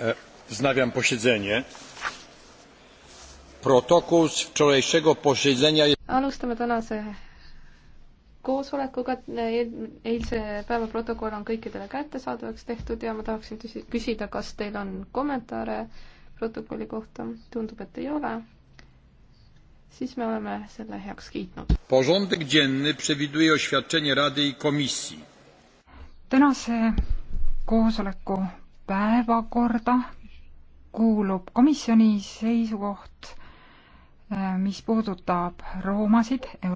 E, wznawiam posiedzenie protokół z wczorajszego posiedzenia alustame tänase koosolekuga e, eilse päeva protokoll on kõikidele kättesaadavaks tehtud ja ma tahaksin küsida, kas teil on kommentaare protokolli kohta, tundub, et ei ole. siis me oleme selle heaks kiitnud. Porządek dzienny przewiduje oświadczenie Rady i Komisji. tänase koosoleku päevakorda kuulub komisjoni seisukoht, mis puudutab roomasid.